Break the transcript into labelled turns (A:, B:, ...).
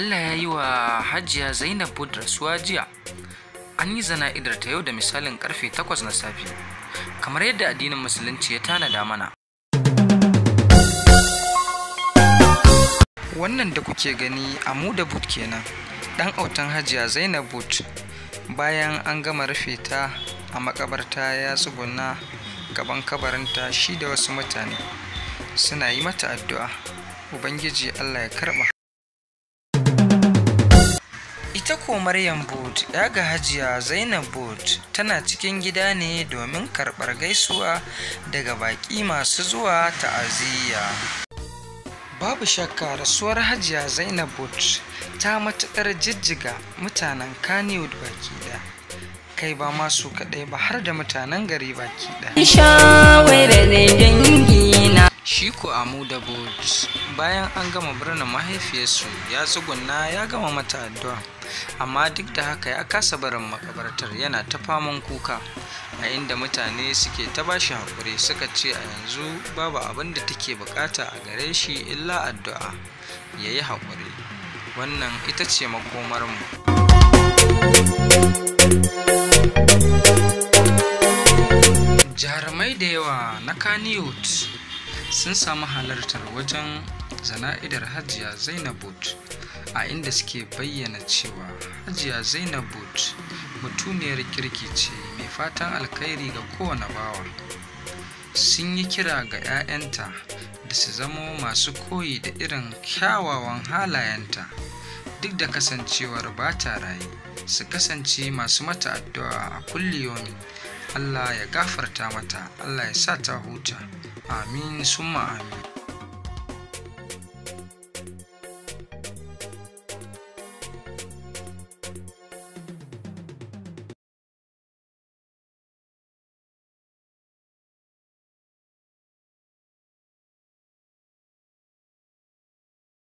A: Allah ya yi wa hajiya Zainab Bud rasuwa jiya. An yi zana'idar ta yau da misalin karfe 8 na safe, kamar yadda addinin musulunci ya tanada mana. Wannan da kuke gani a muda but kenan, ɗan autan hajiya Zainab but. Bayan an gama rufe ta a makabarta ya tsuguna gaban kabarinta shi da wasu mutane suna yi mata addu'a. Ubangiji Allah ya karɓa. ita ko maryam boot ya ga hajiya zainab boot tana cikin gida ne domin karɓar gaisuwa daga baƙi masu zuwa ta'aziyya babu shakka rasuwar hajiya zainab boot ta matuƙar jijjiga mutanen kaniwood baki da kai ba masu kaɗai ba har da mutanen gari baki da Atiku Amuda Bauchi bayan an gama birnin mahaifiyarsu ya tsugunna ya gama mata addu'a amma duk da haka ya kasa barin makabartar yana ta faman kuka a inda mutane suke ta bashi haƙuri suka ce a yanzu babu abin da take bukata a gare shi illa addu'a ya yi haƙuri wannan ita ce makomarmu jarumai da yawa na kaniyot sun samu halartar wajen zana'idar hajiya zainabut a inda suke bayyana cewa hajiya zainabut mutuniyar kirki ce mai fatan alkhairi ga kowane bawa sun yi kira ga 'ya'yanta da su zama masu koyi da irin kyawawan halayenta duk da kasancewar ba ta raye su kasance masu mata addu'a a kulliyomi Allah ya gafarta mata Allah ya sa ta huta amin summa amin